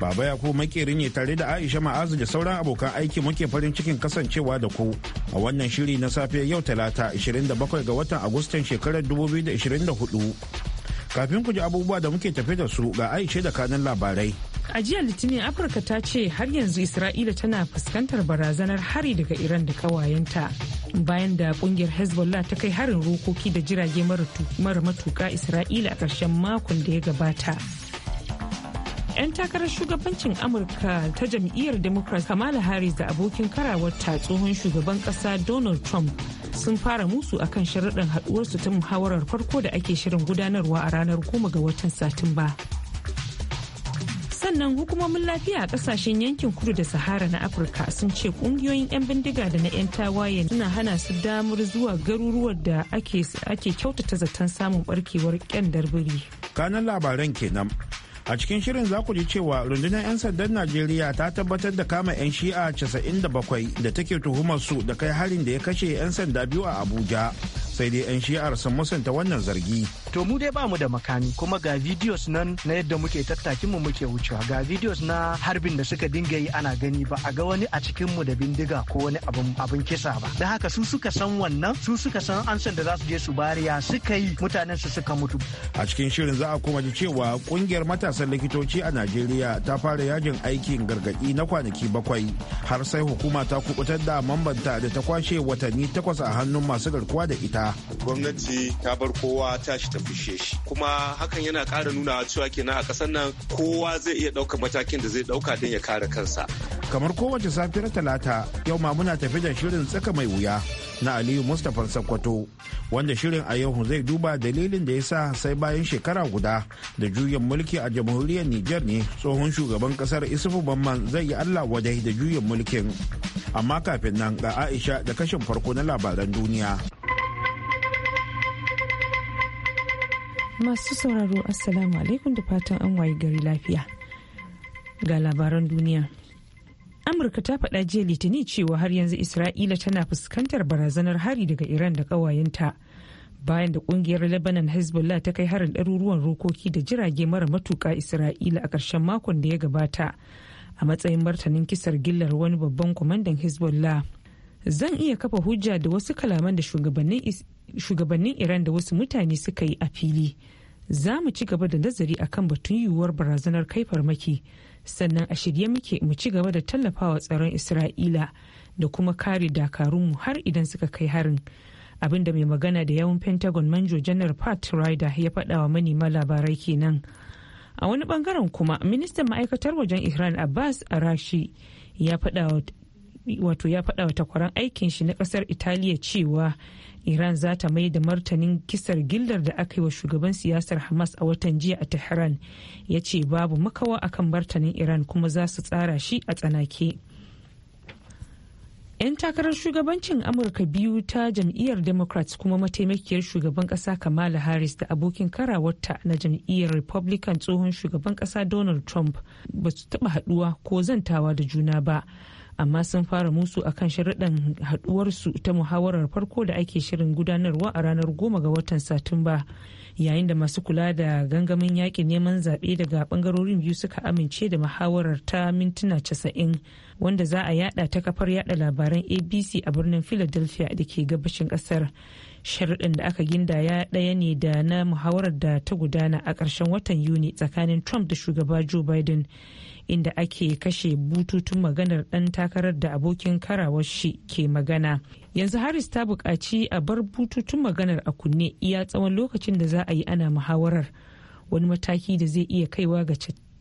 Baba ya makeri ne tare da Aisha Ma'azu da sauran abokan aiki muke farin cikin kasancewa da ku a wannan shiri na safe yau talata 27 ga watan Agustan shekarar 2024. Kafin ku ji abubuwa da muke tafe da su ga Aisha da kanin labarai. A jiya Litinin Afirka ta ce har yanzu Isra'ila tana fuskantar barazanar hari daga Iran da kawayenta. Bayan da kungiyar Hezbollah ta kai harin rokoki da jirage mara matuka Isra'ila a karshen makon da ya gabata. 'yan takarar shugabancin amurka ta jam'iyyar democrat kamala harris da abokin karawarta tsohon shugaban kasa donald trump sun fara musu akan sharaɗin haɗuwarsu ta muhawarar farko da ake shirin gudanarwa a ranar goma ga watan satumba sannan hukumomin lafiya a kasashen yankin kudu da sahara na afirka sun ce kungiyoyin 'yan bindiga da na 'yan tawaye suna hana su damar zuwa garuruwan da ake kyautata zaton samun barkewar kyan biri kanan labaran kenan a cikin shirin za ku ji cewa rundunar 'yan sandan najeriya ta tabbatar da kama 'yan shi'a 97 da take tuhumar su da kai harin da ya kashe 'yan sanda biyu a abuja sai dai 'yan shi'ar sun musanta wannan zargi. To mu dai bamu da makami kuma ga videos nan na yadda muke tattakin mu muke wucewa ga videos na harbin da suka dinga yi ana gani ba a ga wani a cikin mu da bindiga ko wani abin abin kisa ba. Da haka su suka san wannan su suka san an san da za su je su bariya suka yi mutanen su suka mutu. A cikin shirin za a kuma ji cewa kungiyar matasan likitoci a Najeriya ta fara yajin aikin gargaɗi na kwanaki bakwai har sai hukuma ta kubutar da mambanta da ta kwashe watanni takwas a hannun masu garkuwa da ita. Gwamnati ta bar kowa tashi ta fushe shi. Kuma hakan yana kara nuna cewa kenan a ƙasar nan kowa zai iya ɗaukar matakin da zai ɗauka don ya kare kansa. Kamar kowace safiyar Talata yau ma muna tafi da shirin tsaka mai wuya na Aliyu Mustapha Sakkwato wanda shirin a yau zai duba dalilin da ya sa sai bayan shekara guda da juyin mulki a jamhuriyar Nijar ne tsohon shugaban kasar Isufu Bamman zai yi Allah wadai da juyin mulkin. Amma kafin nan ga Aisha da kashin farko na labaran duniya. Masu sauraro Assalamu alaikum da fatan an waye gari lafiya. Ga labaran duniya. Amurka ta faɗa jiya Litinin cewa har yanzu Isra'ila tana fuskantar barazanar hari daga Iran da ƙawayenta. Bayan da ƙungiyar Lebanon Hezbollah ta kai harin ɗaruruwan rokoki da jirage mara matuƙa Isra'ila a ƙarshen makon da ya gabata. A matsayin martanin kisar gillar wani babban kwamandan Hezbollah. zan iya kafa hujja da wasu kalaman da shugabannin shugabannin iran da wasu mutane suka yi a fili za mu ci gaba da nazari akan batun yiwuwar barazanar kai farmaki sannan a shirye muke mu ci gaba da tallafawa tsaron isra'ila da kuma kare dakarunmu har idan suka kai harin abin da mai magana da yawun pentagon manjo janar pat ryder ya faɗa wa manema labarai kenan a wani bangaren kuma ministan ma'aikatar wajen iran abbas arashi wato ya faɗa wa takwaran aikin shi na ƙasar italiya cewa iran za ta mai da martanin kisar gillar da aka yi wa shugaban siyasar hamas a watan jiya a tehran ya ce babu makawa akan martanin iran kuma za su tsara shi a tsanake 'yan takarar shugabancin amurka biyu ta jam'iyyar democrats kuma mataimakiyar shugaban kasa kamala harris da abokin karawarta na jam'iyyar republican tsohon shugaban ƙasa donald trump ba su taba haduwa ko zantawa da juna ba amma sun fara musu a kan sharaɗin haɗuwarsu ta muhawarar farko da ake shirin gudanarwa a ranar goma ga watan satumba yayin da masu kula da gangamin yakin neman zaɓe daga ɓangarorin biyu suka amince da muhawarar ta mintuna casa'in wanda za a yada ta kafar yada labaran abc a birnin philadelphia da ke gabashin ƙasar sharaɗin da aka ginda ya ɗaya ne da na muhawarar da ta gudana a ƙarshen watan yuni tsakanin trump da shugaba joe biden inda ake kashe bututun maganar ɗan takarar da abokin karawar shi ke magana yanzu harris ta buƙaci a bar bututun maganar a kunne iya tsawon lokacin da za a yi ana muhawarar wani mataki da zai iya kaiwa ga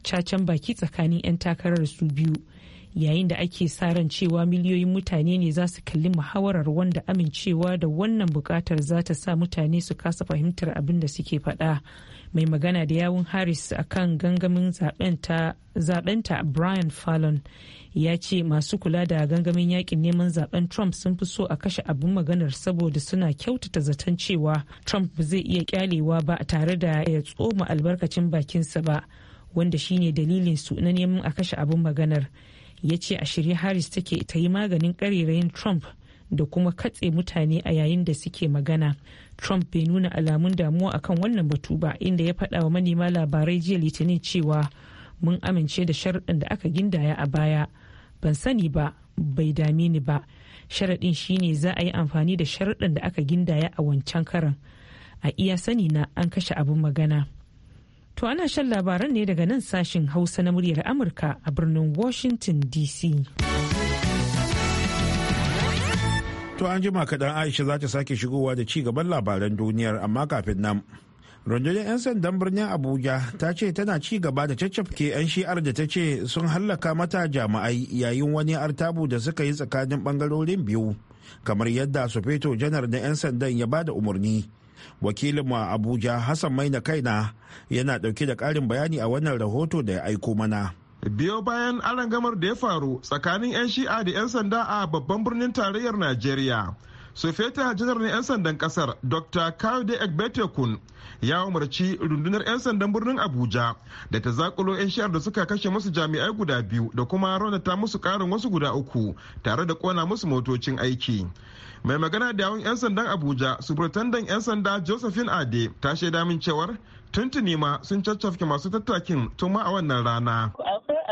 cacen baki tsakanin 'yan takarar su biyu yayin da ake sa ran cewa miliyoyin mutane ne za su kalli muhawarar wanda amincewa da wannan bukatar za ta sa mutane su kasa fahimtar abin da suke faɗa mai magana da yawun harris kan gangamin zaɓenta brian fallon ya ce masu kula da gangamin yakin neman zaben trump sun fi so a kashe abin maganar saboda suna kyautata zaton cewa trump zai iya kyalewa ba tare da ya tsoma albarkacin bakinsa ba wanda shine dalilin su na neman a kashe abin maganar ya ce a shirye harris take ta yi maganin karerayin trump da kuma katse mutane a yayin da suke magana trump bai nuna alamun damuwa akan wannan batu ba inda ya faɗa wa manema labarai jiya litinin cewa mun amince da sharaɗin da aka gindaya a baya ban sani ba bai dame ni ba sharaɗin shine za a yi amfani da sharaɗin da aka gindaya a wancan karan a iya sani na an kashe abin magana To ana shan labaran ne daga nan sashin Hausa na muryar Amurka a birnin Washington DC. To an jima kaɗan Aisha za ta sake shigowa da ci gaban labaran duniyar amma kafin nan. rundunar 'yan sandan birnin abuja ta ce tana ci gaba da caccafke 'yan shi'ar da ta ce sun hallaka mata jami'ai yayin wani artabu da suka yi tsakanin bangarorin biyu kamar yadda sufeto janar da 'yan sandan ya ba da umarni wakilin mu a abuja hassan maina kaina yana dauke da karin bayani a wannan rahoto da ya aiko mana biyo bayan arangamar da ya faru tsakanin 'yan shi'a da 'yan sanda a babban birnin tarayyar najeriya sufeta janar ne 'yan sandan kasar dr kaude egbetekun ya umarci rundunar 'yan sandan birnin abuja da ta zakulo 'yan shiyar da suka kashe musu jami'ai guda biyu da kuma raunata musu karin wasu guda uku tare da kona musu motocin aiki mai magana da yawon 'yan sandan abuja burtandan 'yan sanda josephine ade ta shaida min cewar tuntuni ma sun caccafke masu tattakin tun ma a wannan rana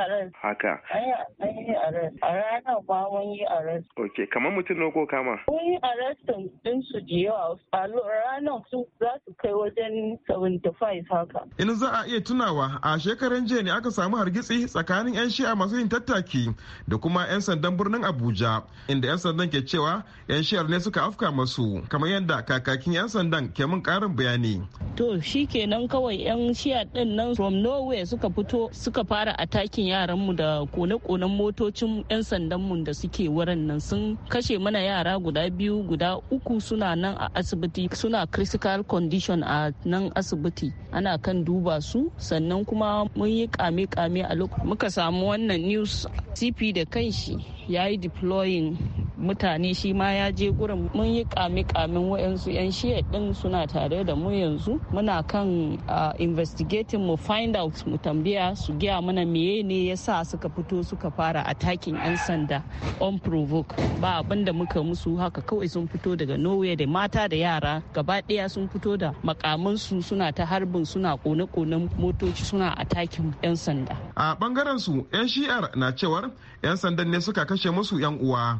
arrest. Haka. An yi arrest. A ranar ba mun yi arrest. Ok, kamar mutum na ko kama? Mun yi arrest din su da yawa. A ranar su za su kai wajen 75 haka. In za a iya tunawa a shekaran jiya ne aka samu hargitsi tsakanin 'yan shi'a masu yin tattaki da kuma 'yan sandan birnin Abuja inda 'yan sandan ke cewa 'yan shi'ar ne suka afka masu kamar yadda kakakin 'yan sandan ke mun karin bayani. To shi kenan kawai 'yan shi'a din nan from nowhere suka fito suka fara atakin yaranmu da kone-konen motocin 'yan sandanmu da suke wurin nan sun kashe mana yara guda biyu guda uku suna nan a asibiti suna critical condition a nan asibiti ana kan duba su sannan kuma mun yi kame-kame a lokacin muka samu wannan news cp da kanshi ya yi deploying mutane shi ma ya je gurin mun yi kame kamin wayansu yan shiya din suna tare da mu yanzu muna kan investigating mu find out mu tambaya su giya mana meye ne ya sa suka fito suka fara attacking yan sanda on provoke ba abin da muka musu haka kawai sun fito daga nowhere da mata da yara gaba daya sun fito da makamansu suna ta harbin suna kone kone motoci suna attacking yan sanda a bangaren su yan shiyar na cewar yan sandan ne suka kashe musu yan uwa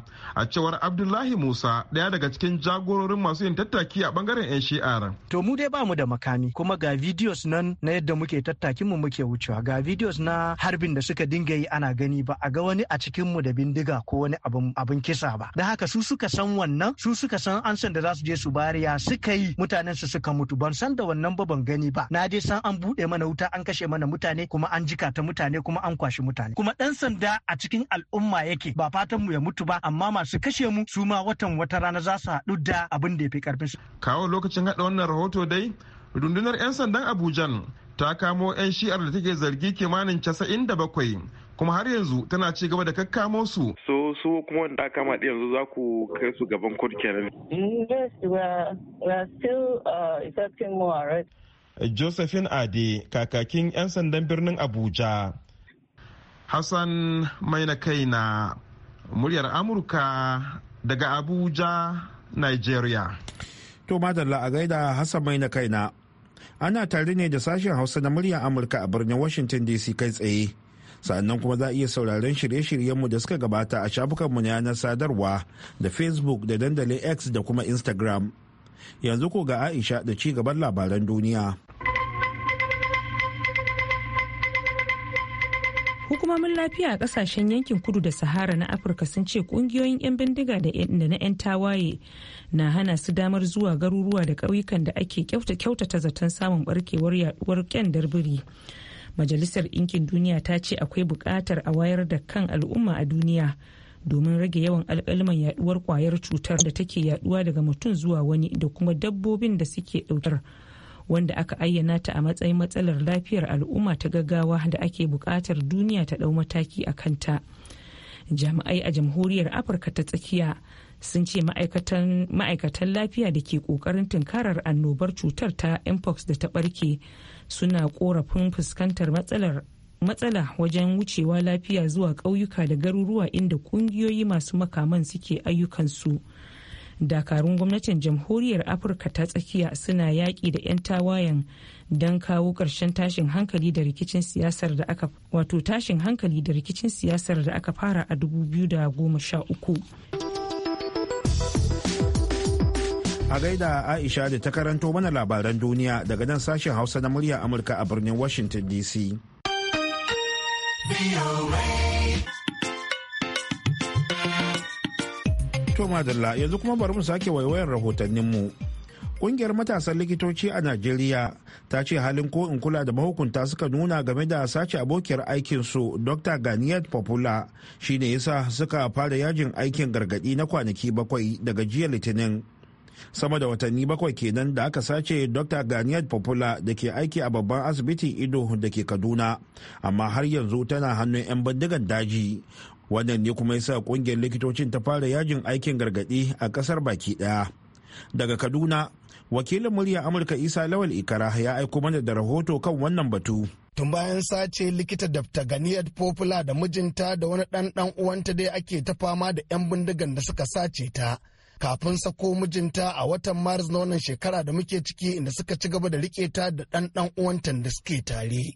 cewar abdullahi musa daya daga cikin jagororin masu yin tattaki a bangaren 'yan shi'ar to mu dai bamu da makami kuma ga videos nan na yadda muke tattakin mu muke wucewa ga videos na harbin da suka dinga yi ana gani ba a ga wani a cikin mu da bindiga ko wani abin kisa ba da haka su suka san wannan su suka san an san da za su je su bariya suka yi mutanen su suka mutu ban san da wannan ba ban gani ba na dai san an buɗe mana wuta an kashe mana mutane kuma an jika ta mutane kuma an kwashi mutane kuma dan sanda a cikin al'umma yake ba fatan mu ya mutu ba amma masu kashe mu su ma watan wata rana za su haɗu da abin da ya fi karfin su. Kawo lokacin haɗa wannan rahoto dai rundunar 'yan sandan Abujan ta kamo 'yan shi'ar da take zargi kimanin casa'in da bakwai kuma har yanzu tana ci gaba da kakkamo su. So su kuma da kama da yanzu za ku kai su gaban kotu kenan. Yes, we are, still uh, more arrests. Josephine Ade, kakakin 'yan sandan birnin Abuja. Hassan mai na kaina muryar amurka daga abuja nigeria to madalla a gaida hassan mai na kaina ana tare ne da sashen hausa na muryar amurka a birnin washington dc kai tsaye sannan kuma za a iya sauraron shirye-shiryenmu da suka gabata a shafukanmu na yanar sadarwa da facebook da dandalin x da kuma instagram yanzu ko ga aisha da ci gaban labaran duniya hukumomin lafiya a kasashen yankin kudu da sahara na afirka sun ce kungiyoyin 'yan bindiga da na 'yan tawaye na hana su damar zuwa garuruwa da ƙauyukan da ake kyautata zaton samun barkewar yaduwar kyandar biri majalisar ɗinkin duniya ta ce akwai buƙatar a wayar da kan al'umma a duniya domin rage yawan alƙalman yaduwar kwayar cutar da take yaduwa daga mutum zuwa wani da kuma dabbobin da suke ɗaukar wanda aka ayyana ta a matsayin matsalar lafiyar al'umma ta gaggawa da ake buƙatar duniya ta ɗau mataki a kanta. Jami'ai a jamhuriyar Afirka ta tsakiya sun ce ma'aikatan lafiya da ke ƙoƙarin tunkarar annobar cutar ta mpox da ta ɓarke suna ƙorafin fuskantar matsalar matsala wajen wucewa lafiya zuwa ƙauyuka da garuruwa inda ƙungiyoyi masu makaman suke ayyukansu dakarun gwamnatin jamhuriyar afirka ta tsakiya suna yaƙi da 'yan tawayen don kawo ƙarshen tashin hankali da rikicin siyasar da aka wato tashin hankali da rikicin siyasar da aka fara a 2013 a gaida aisha da ta karanto mana labaran duniya daga nan sashen hausa na murya amurka a birnin washington dc To madalla yanzu kuma bari mu sake waiwayan rahotanninmu. Kungiyar matasan likitoci a Najeriya ta ce halin ko in kula da mahukunta suka nuna game da sace abokiyar aikinsu Dr. Ganiyat Popula shine yasa suka fara yajin aikin gargadi na kwanaki bakwai daga jiya Litinin. sama da watanni bakwai kenan da aka sace dr ganiyar popula da ke aiki a babban asibitin ido da ke kaduna amma har yanzu tana hannun 'yan bindigan daji wannan ne kuma yasa kungiyar likitocin ta fara yajin aikin gargadi a kasar baki daya daga kaduna wakilin murya amurka isa lawal ikara ya aiko mana da rahoto kan wannan batu tun bayan sace likita da ganiyar popula da mijinta da wani ɗan ɗan uwanta dai ake ta fama da 'yan bindigan da suka sace ta kafin sako mijinta a watan maris na wannan shekara da muke ciki inda suka ci gaba da rike ta da ɗan uwanta da suke tare.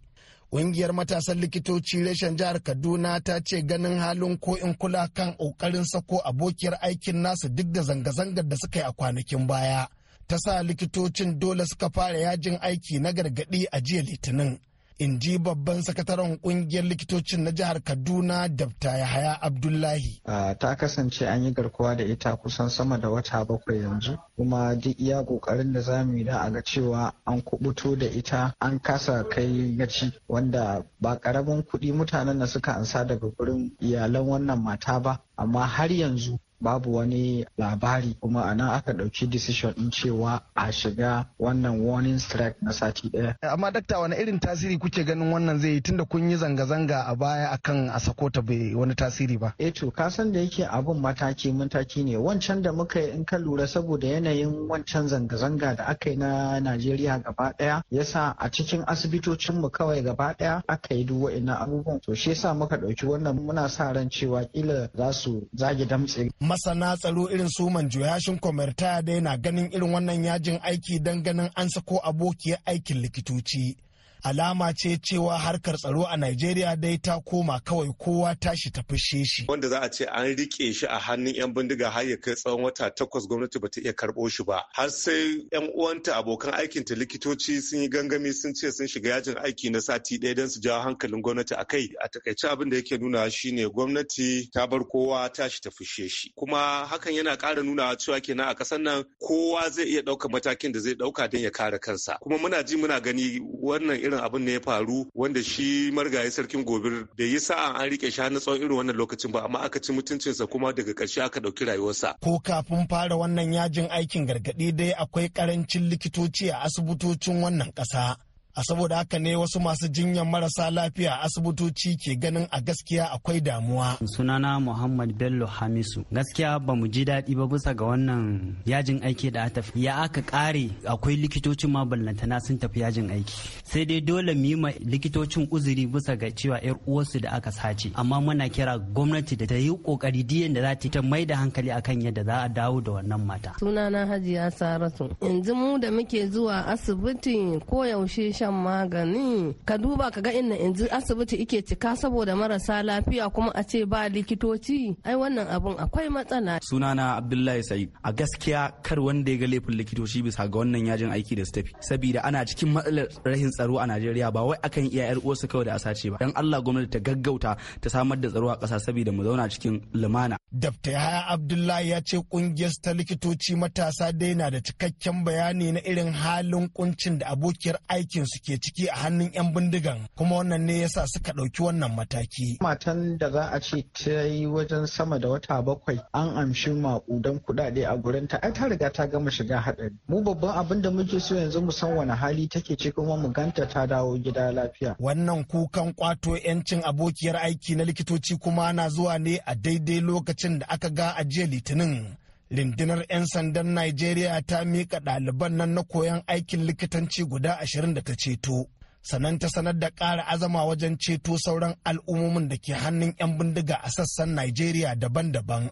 Ƙungiyar matasan likitoci reshen jihar Kaduna ta ce ganin halin ko in kula kan ƙoƙarin sako abokiyar aikin nasu duk da zanga-zangar da suka yi a kwanakin baya. Ta sa likitocin dole suka fara yajin aiki na gargaɗi a jiya Litinin. in ji babban sakataren kungiyar likitocin na jihar kaduna dabta yahaya abdullahi ta kasance an yi garkuwa da ita kusan sama da wata bakwai yanzu kuma duk iya kokarin da za mu yi da a ga cewa an kubuto da ita an kasa kai gaci wanda ba karamin kuɗi mutanen da suka ansa daga gurin iyalan wannan mata ba amma har yanzu babu wani labari kuma a nan aka ɗauki decision din cewa a shiga wannan warning strike na sati ɗaya. amma dakta wani irin tasiri kuke ganin wannan zai yi tunda kun yi zanga-zanga a baya akan a sako bai wani tasiri ba. eh to kasan da yake abun mataki mataki ne wancan da muka yi in ka lura saboda yanayin wancan zanga-zanga da aka yi na najeriya gaba ɗaya yasa a cikin asibitocin mu kawai gaba ɗaya aka yi duk wa'innan abubuwan to shi yasa muka ɗauki wannan muna sa ran cewa kila za su zage damtse. masana tsaro irin su manjoyashin komerta da yana ganin irin wannan yajin aiki don ganin an sako abokiyar aikin likitoci alama ce cewa harkar tsaro a Najeriya dai ta koma kawai kowa tashi ta fushe shi. Wanda za a ce an rike shi a hannun 'yan bindiga har ya kai tsawon wata takwas gwamnati bata iya karɓo shi ba. Har sai 'yan uwanta abokan aikinta likitoci sun yi gangami sun ce sun shiga yajin aiki na sati ɗaya don su jawo hankalin gwamnati a kai. A takaice abin da yake nuna shine gwamnati ta bar kowa tashi ta fushe shi. Kuma hakan yana ƙara nuna cewa kenan a ƙasar nan kowa zai iya ɗaukar matakin da zai ɗauka don ya kare kansa. Kuma muna ji muna gani wannan irin irin abin da ya faru wanda shi marigayi sarkin gobe da yi sa'a an rike sha na tsawon irin wannan lokacin ba amma aka ci mutuncinsa kuma daga ƙarshe aka ɗauki rayuwarsa. Ko kafin fara wannan yajin aikin gargaɗi dai akwai ƙarancin likitoci a asibitocin wannan ƙasa a saboda haka ne wasu masu jinyar marasa lafiya asibitoci ke ganin a gaskiya akwai damuwa sunana muhammad bello hamisu gaskiya ba mu ji daɗi ba bisa ga wannan yajin aiki da aka ya aka kare akwai likitocin ma ballantana sun tafi yajin aiki sai dai dole mu yi ma likitocin uzuri bisa ga cewa yar uwarsu da aka sace amma muna kira gwamnati da ta yi kokari diyan da za ta ta mai da hankali akan yadda za a dawo da wannan mata sunana hajiya saratu yanzu mu da muke zuwa asibiti ko yaushe shan magani ka duba ka ga inda yanzu asibiti ike cika saboda marasa lafiya kuma a ce ba likitoci ai wannan abun akwai matsala sunana abdullahi sa'id a gaskiya kar wanda ya ga laifin likitoci bisa ga wannan yajin aiki da su tafi saboda ana cikin matsalar rashin tsaro a najeriya ba wai akan iya yar uwarsu kawai da asace ba dan allah gwamnati ta gaggauta ta samar da tsaro a kasa saboda mu zauna cikin lumana dafta yaya abdullahi ya ce kungiyar ta likitoci matasa dai na da cikakken bayani na irin halin kuncin da abokiyar aikinsu su ke ciki a hannun 'yan bindigan kuma wannan ne yasa suka ɗauki wannan mataki. Matan da za a ce ta yi wajen sama da wata bakwai an amshi maƙudan kuɗaɗe a gurin ta ai ta riga ta gama shiga haɗari. Mu babban abin da muke so yanzu mu san wani hali take ce kuma mu ganta ta dawo gida lafiya. Wannan kukan kwato 'yancin abokiyar aiki na likitoci kuma na zuwa ne a daidai lokacin da aka ga a jiya litinin. Lindinar 'yan sandan Najeriya ta miƙa ɗaliban nan na koyon aikin likitanci guda ashirin da ta ceto. Sannan ta sanar da ƙara azama wajen ceto sauran al'ummomin da ke hannun 'yan bindiga a sassan Najeriya daban-daban.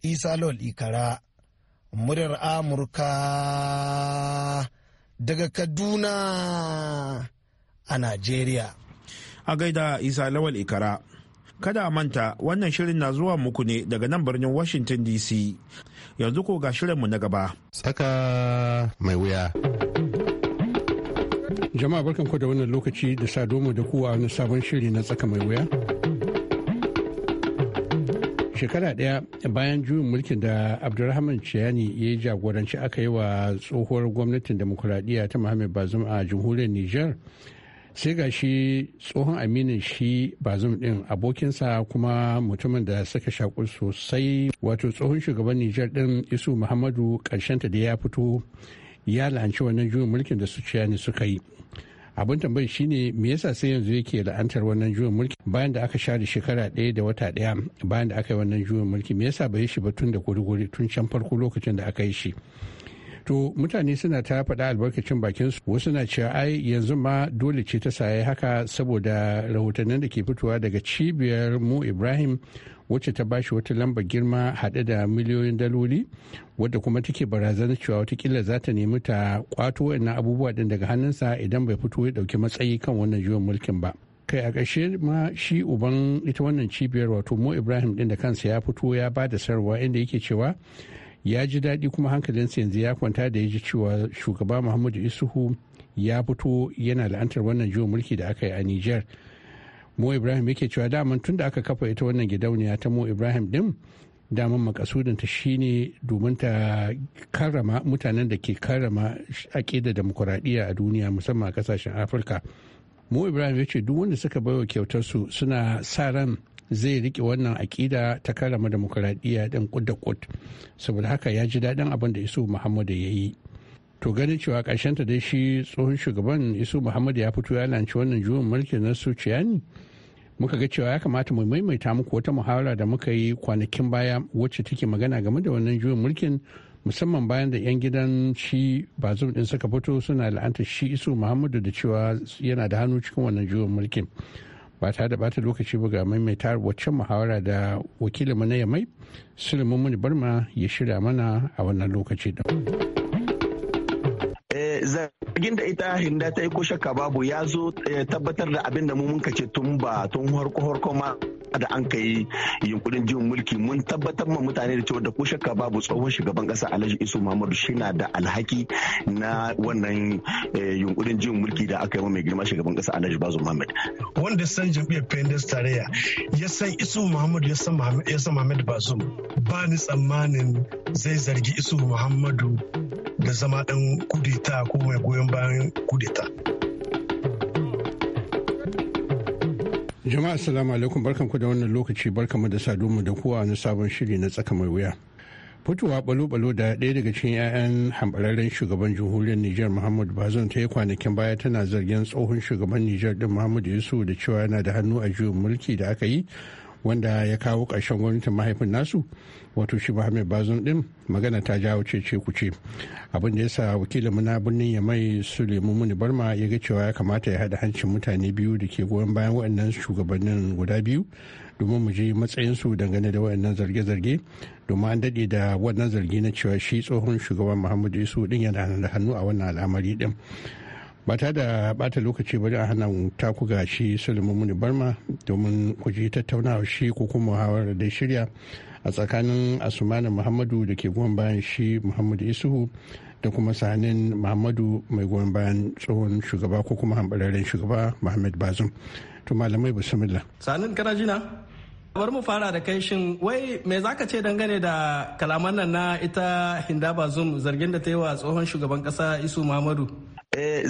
Isa Lol Ikara, muryar Amurka daga Kaduna a Najeriya. A gaida Isa Lawal Ikara. Kada a manta wannan shirin na zuwa muku ne daga nan birnin Washington DC. Yanzu ko ga shirinmu na gaba. Tsaka mai wuya. Jama'a barkanku da wannan lokaci da sadomu da kuwa na sabon shiri na tsaka mai wuya. shekara daya bayan juyin mulkin da abdulrahman ciyani ya yi jagoranci aka yi wa tsohuwar gwamnatin demokuraɗiyya ta muhammad bazum a jamhuriyar niger sai ga shi tsohon aminin shi bazum din abokinsa kuma mutumin da suka shaku sosai wato tsohon shugaban nijar din isu muhammadu ta da ya fito ya la'anci wannan juyin mulkin da su ne suka yi abin tambayi shine me yasa sai yanzu yake la'antar wannan juyin mulki bayan da aka share shekara ɗaya da wata ɗaya bayan da aka yi wannan juyin mulki me yasa bai shi ba tun da guri-guri tun can farko lokacin da aka yi shi to mutane suna ta faɗa albarkacin bakin su wasu na cewa ai yanzu ma dole ce ta saye haka saboda rahotannin da ke fitowa daga cibiyar mu ibrahim wacce ta bashi wata lambar girma haɗe da miliyoyin daloli wadda kuma take barazanar cewa watakila za ta nemi ta kwato wannan abubuwa din daga hannunsa idan bai fito ya ɗauki matsayi kan wannan juyin mulkin ba kai a ƙarshe ma shi uban ita wannan cibiyar wato mu ibrahim ɗin da kansa ya fito ya bada da sarwa inda yake cewa ya ji daɗi kuma hankalinsa yanzu ya kwanta da ya ji cewa shugaba muhammadu isuhu ya fito yana la'antar wannan juyin mulki da aka yi a niger mo ibrahim yake cewa daman tun da aka kafa ita wannan gidauniya ta mo ibrahim din daman makasudinta shine domin ta karrama mutanen da ke karrama da demokuraɗiyya a duniya musamman a ƙasashen afirka mu ibrahim ya ce duk wanda suka bai wa kyautar su suna sa ran zai rike wannan aƙida ta karama demokuraɗiyya ɗin kud da kud saboda haka ya ji daɗin abin da isu muhammadu ya yi to ganin cewa ta dai shi tsohon shugaban isu muhammadu ya fito ya lanci wannan juyin mulki na suciyani muka ga cewa ya kamata mu maimaita muku wata muhawara da muka yi kwanakin baya wacce take magana game da wannan juyin mulkin musamman bayan da 'yan gidan shi bazum din suka fito suna la'anta shi isu muhammadu da cewa yana da hannu cikin wannan juyin mulkin ba ta da bata lokaci ba ga maimaita wacce muhawara da wakilinmu na yamai sulaiman muni barma ya shirya mana a wannan lokaci da eh, zargin da ita hinda ta yi ko shakka babu ya zo eh, tabbatar da abin da mu mun ce tun ba tun harko harko ma da an ka yi yunkurin jin mulki mun tabbatar ma mutane da cewa da ko shakka babu tsohon shugaban kasa alhaji isu muhammadu shi da alhaki na wannan eh, yunkurin jin mulki da aka yi mai girma shugaban kasa alhaji bazu muhammad wanda san jam'iyyar pendes tarayya ya san isu muhammadu ya san Muhammadu bazum ba ni tsammanin zai zargi isu muhammadu da zama dan kudeta ko mai goyon bayan kudeta. Jama'a assalamu alaikum barkanku da wannan lokaci mu da saduwa da kowa na sabon shiri na tsaka mai wuya. Fitowa balo-balo da ɗaya daga cikin 'ya'yan hambararren shugaban jamhuriyar Nijar Muhammadu Bazan ta yi kwanakin baya tana zargin tsohon shugaban Nijar din Muhammadu Yusuf da cewa yana da hannu a juyin mulki da aka yi wanda ya kawo ƙarshen gwamnatin mahaifin nasu wato shi Muhammad Bazum din magana ta jawo cece ce abin da yasa wakilin na birnin ya mai Suleiman Muni Barma ya ga cewa ya kamata ya haɗa hancin mutane biyu da ke goyon bayan waɗannan shugabannin guda biyu domin mu je matsayinsu dangane da waɗannan zarge-zarge domin an daɗe da waɗannan zargi na cewa shi tsohon shugaban Muhammadu Isu din yana da hannu a wannan al'amari ɗin. ba ta da bata lokaci ba da hannun taku ga shi sulaiman muni barma domin ku ji tattaunawa shi ko kuma hawar da shirya a tsakanin asumanin muhammadu da ke goyon bayan shi muhammadu isuhu da kuma sanin muhammadu mai goyon bayan tsohon shugaba ko kuma hambararren shugaba muhammad bazum to malamai bismillah sanin kana jina bari mu fara da kai shin wai me zaka ce dangane da kalaman nan na ita hinda bazum zargin da ta yi wa tsohon shugaban kasa isu muhammadu eh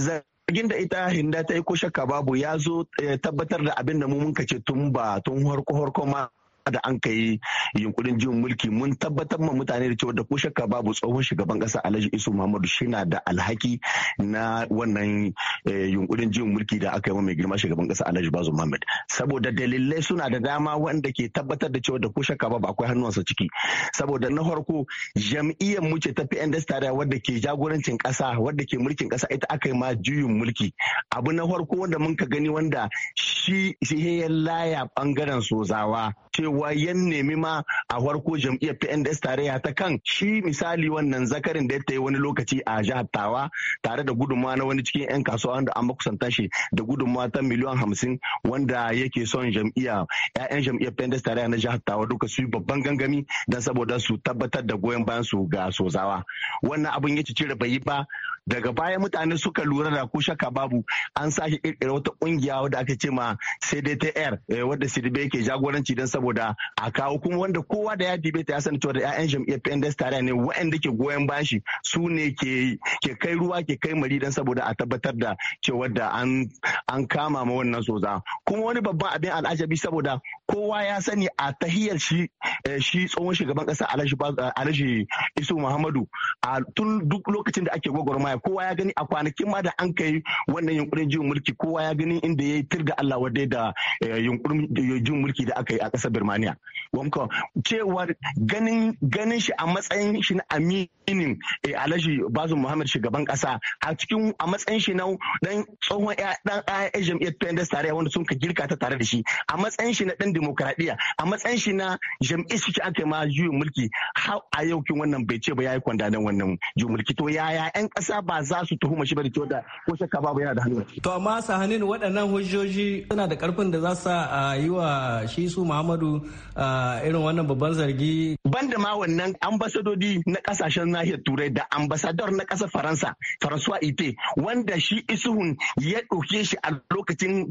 da ita hinda ta yi ko shakka babu ya zo eh, tabbatar da abin da mu mun kace tun ba tun harko harko ma da an kai yunkurin jin mulki mun tabbatar ma mutane da cewa da ko shakka babu tsohon shugaban kasa Alhaji Isu Muhammadu shina da alhaki na wannan eh, yunkurin jin mulki da aka yi wa mai girma shugaban kasa Alhaji Bazoum Muhammad saboda dalilai suna da dama wanda ke tabbatar da cewa da ko shakka babu akwai hannuwansa ciki saboda na farko jam'iyyar mu ce ta PNDS tare wadda ke jagorancin kasa wadda ke mulkin kasa ita aka yi ma juyin mulki abu na farko wanda mun ka gani wanda shi shi ya laya bangaren sozawa cewa cewa yan nemi ma a farko jam'iyyar PNDS tarayya ta kan shi misali wannan zakarin da ya yi wani lokaci a jihar Tawa tare da gudunmawa na wani cikin 'yan kasuwa wanda an makusanta shi da gudunmawa ta miliyan hamsin wanda yake son jam'iyya 'ya'yan jam'iyyar PNDS tarayya na jihar Tawa duka su yi babban gangami don saboda su tabbatar da goyon bayan su ga sozawa wannan abun ya ci cire bai yi ba daga baya mutane suka lura da ko shaka babu an sake kirkira wata kungiya wadda aka ce ma CDTR eh, wadda Sidibe ke jagoranci don saboda a kawo kuma wanda kowa da ya dibe ta ya sani cewa da 'ya'yan jam'iyyar PNDS tare ne waɗanda ke goyon bayan shi su ne ke kai ruwa ke kai mari don saboda a tabbatar da cewa da an kama ma wannan soza kuma wani babban abin al'ajabi saboda kowa ya sani a tahiyar shi eh, shi tsohon shugaban kasa Alhaji Isu Muhammadu a tun duk lokacin da ake gwagwarmaya kowa ya gani a kwanakin ma da an kai wannan yunkurin jin mulki kowa ya gani inda ya yi da Allah wadai da eh, yunkurin jin mulki da aka yi a ƙasar Birmaniya. wamka cewar ganin ganin shi a matsayin shi na aminin eh, Alhaji Bazu Muhammad shugaban ƙasa a cikin a matsayin shi na dan tsohon dan ɗan jam'iyyar PNDS tare wanda sun ka girka ta tare da shi a matsayin shi na dan demokradiyya a matsayin shi na jam'iyyar shi aka ma juyin mulki har a yau kin wannan bai ce ba yayi kwandanan wannan juyin mulki to yaya 'yan ƙasa ba za su tuhuma shi ba da ko shakka babu yana da hannu to amma hannun waɗannan hujjoji suna da karfin da za su yi wa shi su Muhammadu irin wannan babban zargi banda ma wannan ambasadodi na kasashen nahiyar turai da ambasador na ƙasar Faransa François Ite wanda shi Isuhun ya ɗauke shi a lokacin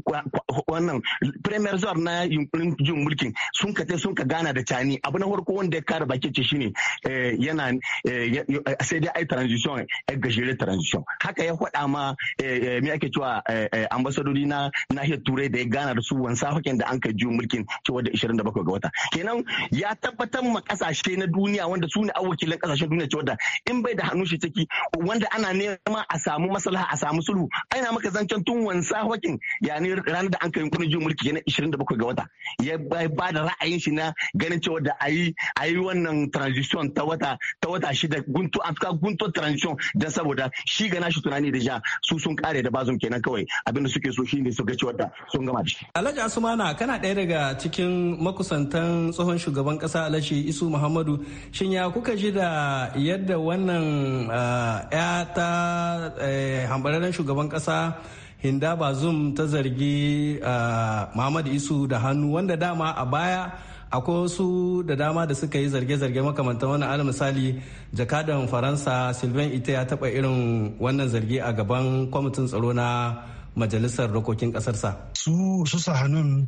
wannan premier zuwar na yunkurin jin mulkin sun ka sun ka gana da cani abu na farko wanda ya kare baki ce shine eh, yana eh, sai dai ai transition gajere transition haka ya faɗa ma eh, eh, me ake cewa eh, ambasadori na nahiyar turai da ya gana da su wansa hakin da an ka juyin mulkin cewa da 27 ga wata kenan ya tabbatar ma kasashe na duniya wanda su ne awakilan kasashen duniya cewa da in bai da hannun shi ciki wanda ana nema a samu maslaha a samu sulhu aina maka zancen tun wansa hakin yani ranar da an ka yunkurin juyin mulki kenan 27 ga wata ya ba da ra'ayin shi na ganin cewa da ayi ayi wannan transition ta wata ta wata shida guntu an guntu transition dan saboda shi ga nashi tunani da ja su sun kare da bazum kenan kawai abinda suke so shine su ga cewa da sun gama shi Alhaji Asumana kana ɗaya daga cikin makusantan tsohon shugaban kasa Alhaji Isu Muhammadu shin ya kuka ji da yadda wannan ah, ya ta eh, hambararren shugaban kasa Hinda Bazum ta zargi ah, Muhammadu Isu da hannu wanda dama a baya akwai wasu da dama da suka yi zarge-zarge makamantan wani ala misali jakadan faransa sylvain ita ya taba irin wannan zarge a gaban kwamitin tsaro na majalisar dokokin kasarsa su su sahanun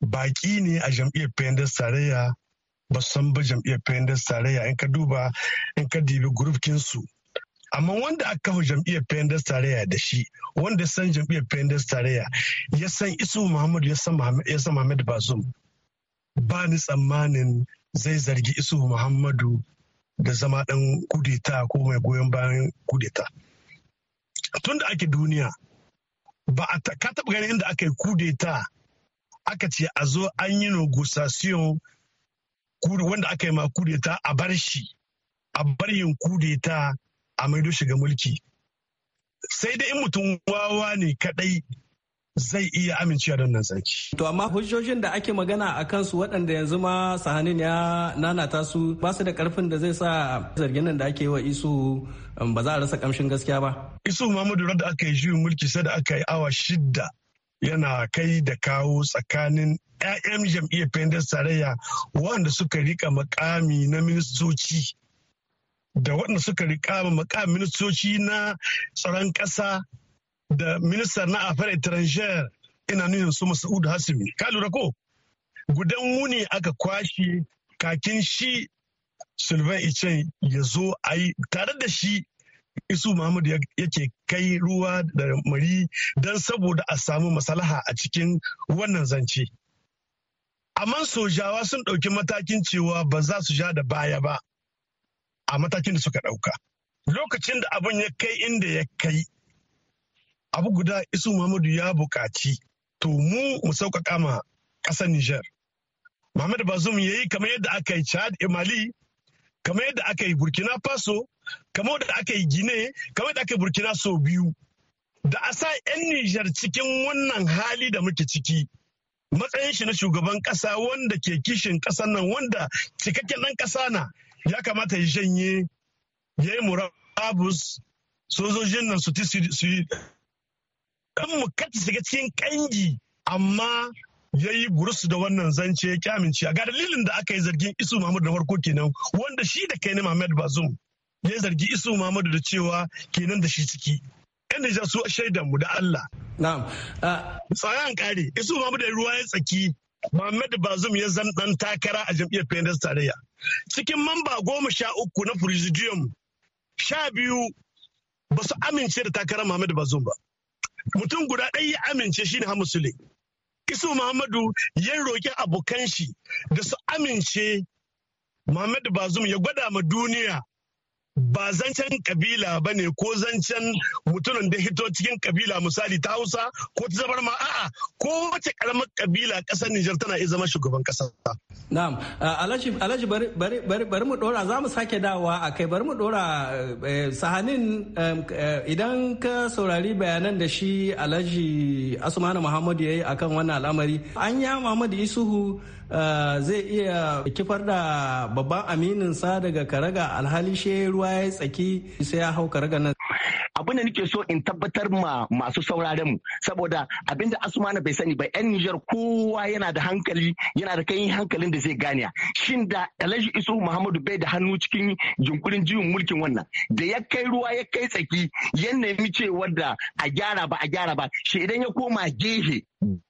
baki ne a jam'iyyar pendas tarayya ba san ba jam'iyyar pendas tarayya in ka duba in ka dibi gurufkinsu amma wanda aka kafa jam'iyyar pendas tarayya da shi wanda san jam'iyyar pendas tarayya ya san isu muhammadu ya san muhammadu bazum ba ni tsammanin zai zargi isu muhammadu da zama ɗan kudeta ko mai goyon bayan kudeta tun da ake duniya ba a ka taɓa ganin inda aka yi kudeta aka ce a zo an yi negotiation wanda aka yi ma kudeta a bar shi a bar yin kudeta a maido shiga mulki sai dai in mutum wawa ne kaɗai zai iya amincewa da wannan sarki. To amma hujjojin da ake magana a kansu waɗanda yanzu ma sahanin ya nanata su ba su da karfin da zai sa zargin nan da ake wa isu um, ba za a rasa kamshin gaskiya ba. Isu Muhammadu da aka yi juyin mulki sai da aka yi awa shidda yana kai da kawo tsakanin 'ya'yan jam'iyyar pendas tarayya waɗanda suka rika makami na ministoci da waɗanda suka rika makami ministoci na tsaron ƙasa da ministan na afar étrangère ina nuna su Mas'ud Hasimi. Ka lura ko? Gudan wuni aka kwashe kakin shi Sylvain Icen ya zo a yi tare da shi Isu Muhammad yake kai ruwa da mari don saboda a samu masalaha a cikin wannan zance. Amma sojawa sun ɗauki matakin cewa ba za su ja da baya ba a matakin da suka ɗauka. Lokacin da abin ya kai inda ya kai abu guda isu muhammadu ya buƙaci to mu mu sauƙaƙa ma ƙasar Nijar muhammadu bazum ya yi kamar yadda aka yi chad eh, mali kamar yadda aka yi burkina faso kamar yadda aka yi gine kamar yadda aka yi burkina so biyu da a sa 'yan Nijar cikin wannan hali da muke ciki matsayin shi na shugaban ƙasa wanda ke kishin ƙasar nan wanda cikakken ɗan ƙasa na ya kamata ya janye ya yi murabus sojojin nan su dan mu kata shiga cikin kangi amma ya yi gurusu da wannan zance ya amince ga dalilin da aka yi zargin isu mahmud da farko kenan wanda shi da kai ne mahmud bazum ya zargi isu mahmud da cewa kenan da shi ciki yan nijar su shaidan mu da allah na'am ah, tsayan kare isu mahmud da ruwa ya tsaki mahmud bazum ya zan dan takara a jam'iyyar pendas tarayya cikin mamba goma sha uku na presidium sha biyu ba su amince da takarar mahmud bazum ba mutum guda ɗaya ya amince shi ne Hamusule. Isu Muhammadu ya roƙi abokan shi da su amince Muhammadu Bazum ya gwada ma duniya ba zancen kabila ba ne ko zancen mutumin da hito cikin kabila misali ta hausa ko ta zabar ma a'a ko wace karamar kabila kasar Nijar tana iya zama shugaban kasa. Na'am Alhaji bari mu dora za mu sake dawa a kai bari mu dora eh, eh, sahanin eh, idan ka saurari bayanan da shi Alhaji Asmanu Muhammadu ya yi akan wannan al'amari an ya Muhammadu Isuhu Eh, zai iya kifar da babban aminin sa daga karaga alhali she ruwa ya tsaki sai ya hau karaga nan abin da nake so in tabbatar ma masu sauraren mu saboda abinda asmana bai sani ba yan Nijar kowa yana da hankali yana da kai hankalin da zai gane shin da Alhaji Isu Muhammadu bai da hannu cikin jinkurin jiwon mulkin wannan da ya kai ruwa ya kai tsaki yan nemi cewa da a gyara ba a gyara ba shi idan ya koma gehe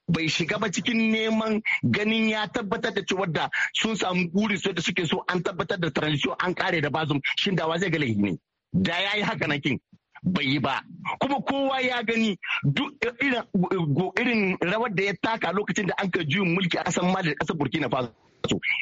bai shiga ba cikin neman ganin ya tabbatar da cewa da sun samu guri su da suke so an tabbatar da transition an kare da bazum shin dawa zai ga laifi ne da yayi haka nakin bai yi ba kuma kowa ya gani duk irin rawar da ya taka lokacin da an ka juyin mulki a kasan mali da kasar burkina faso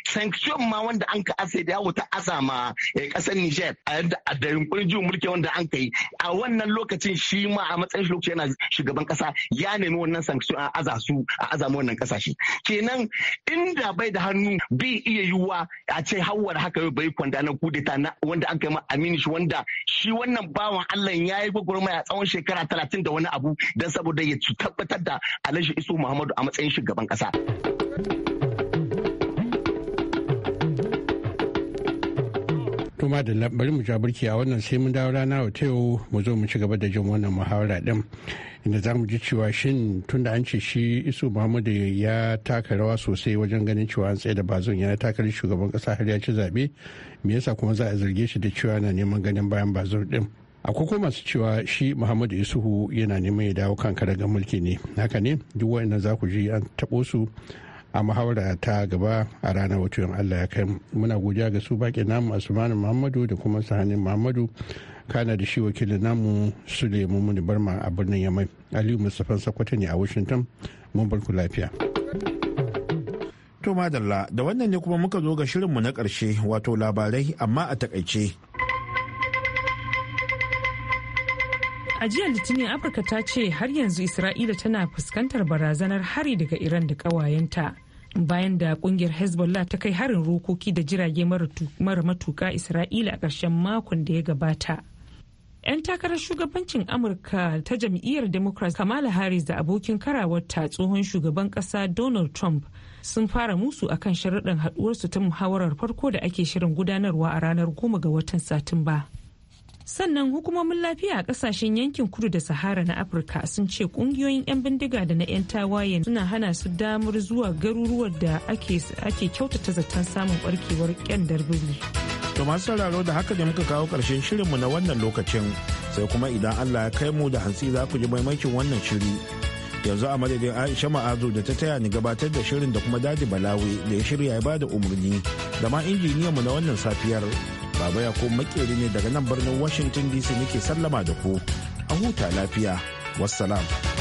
sanction ma wanda an ka asa da yawo ta asa ma kasar eh, Niger a yadda a da yunkurin mulki wanda an kai a wannan lokacin shi ma a matsayin shi yana shugaban kasa ya nemi wannan sanction a aza a aza wannan kasashe kenan inda bai da hannu bi iya yiwuwa a ce hawar haka yau bai kwanda na kudeta na wanda an kai ma Aminu shi wanda shi wannan bawan Allah ya yi gwagwarmaya tsawon shekara talatin da wani abu don saboda ya tabbatar da Alhaji Isu Muhammadu a matsayin shugaban kasa. kuma da bari mu birki a wannan sai mun dawo rana wa yau mu zo mu ci gaba da jin wannan muhawara din inda za mu ji cewa shin tun da an ce shi isu muhammadu ya taka rawa sosai wajen ganin cewa an tsaye da bazon ya takarar shugaban kasa har ya ci zaɓe me yasa kuma za a zarge shi da cewa na neman ganin bayan bazon ɗin akwai kuma masu cewa shi muhammadu isuhu yana neman ya dawo kan ga mulki ne haka ne duk wa'annan za ku ji an taɓo su a muhawara ta gaba a ranar wato allah ya kai muna godiya ga su baƙi namu asmanin muhammadu da kuma sahanin muhammadu kana da shi wakilin namu suleiman muni barma a birnin yamai aliyu mustapha sakwata ne a washington mun barku lafiya to madalla da wannan ne kuma muka zo ga shirinmu na ƙarshe wato labarai amma a takaice A jiya Litinin Afirka ta ce har yanzu Isra'ila tana fuskantar barazanar hari daga Iran da kawayenta Bayan da kungiyar Hezbollah ta kai harin rokoki da jirage mara matuka Isra'ila a ƙarshen makon da ya gabata. 'Yan takarar shugabancin Amurka ta jam'iyyar Democrat Kamala Harris da abokin karawarta tsohon shugaban ƙasa Donald Trump sun fara musu akan sharaɗin haɗuwarsu ta muhawarar farko da ake shirin gudanarwa a ranar goma ga watan Satumba. sannan hukumomin lafiya a kasashen yankin kudu da sahara na afirka sun ce kungiyoyin 'yan bindiga da na 'yan tawayen suna hana su damar zuwa garuruwar da ake kyautata zaton samun barkewar kyandar birni to masu sauraro da haka da muka kawo karshen shirinmu na wannan lokacin sai kuma idan allah ya kai mu da hantsi za ku ji maimakin wannan shiri yanzu a madadin aisha ma'azu da ta taya ni gabatar da shirin da kuma dadi balawi da ya shirya ya bada umarni da ma injiniyanmu na wannan safiyar Baba ya ko makeri ne daga nan birnin Washington DC nake sallama da ku. A huta lafiya. Wassalam.